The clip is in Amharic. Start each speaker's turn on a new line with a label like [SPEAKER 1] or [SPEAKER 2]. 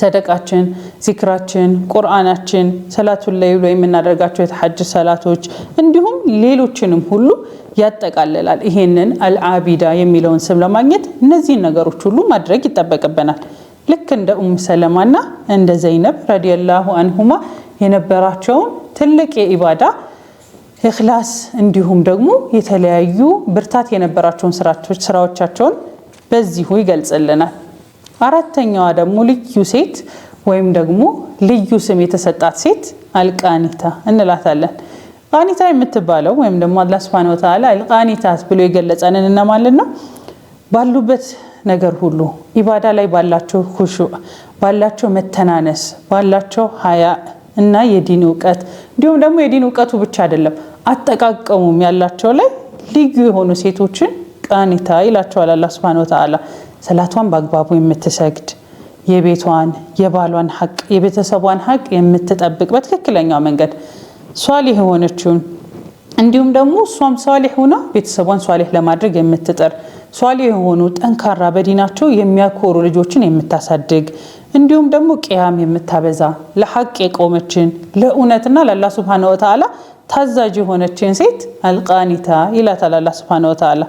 [SPEAKER 1] ሰደቃችን፣ ዚክራችን፣ ቁርአናችን፣ ሰላቱን ለይሎ የምናደርጋቸው የተሐጅ ሰላቶች እንዲሁም ሌሎችንም ሁሉ ያጠቃልላል። ይሄንን አልአቢዳ የሚለውን ስም ለማግኘት እነዚህን ነገሮች ሁሉ ማድረግ ይጠበቅብናል። ልክ እንደ ኡም ሰለማና እንደ ዘይነብ ረዲየላሁ አንሁማ የነበራቸውን ትልቅ የኢባዳ እክላስ እንዲሁም ደግሞ የተለያዩ ብርታት የነበራቸውን ስራዎቻቸውን በዚሁ ይገልጽልናል። አራተኛዋ ደግሞ ልዩ ሴት ወይም ደግሞ ልዩ ስም የተሰጣት ሴት አልቃኒታ እንላታለን። ቃኒታ የምትባለው ወይም ደግሞ አላህ ሱብሃነሁ ወተዓላ አልቃኒታት ብሎ የገለጸንን እነማለን ነው? ባሉበት ነገር ሁሉ ኢባዳ ላይ ባላቸው ኩሹዕ፣ ባላቸው መተናነስ፣ ባላቸው ሀያ እና የዲን እውቀት እንዲሁም ደግሞ የዲን እውቀቱ ብቻ አይደለም አጠቃቀሙም ያላቸው ላይ ልዩ የሆኑ ሴቶችን ቃኒታ ይላቸዋል አላህ ሱብሃነሁ ወተዓላ። ሰላቷን በአግባቡ የምትሰግድ የቤቷን፣ የባሏን ሀቅ የቤተሰቧን ሀቅ የምትጠብቅ በትክክለኛው መንገድ ሷሊህ የሆነችውን እንዲሁም ደግሞ እሷም ሷሊህ ሆና ቤተሰቧን ሷሊህ ለማድረግ የምትጥር ሷሊህ የሆኑ ጠንካራ በዲናቸው የሚያኮሩ ልጆችን የምታሳድግ እንዲሁም ደግሞ ቅያም የምታበዛ ለሀቅ የቆመችን ለእውነትና ለላ ሱብሓነሁ ወተዓላ ታዛዥ የሆነችን ሴት አልቃኒታ ይላታል አላ ሱብሓነሁ ወተዓላ።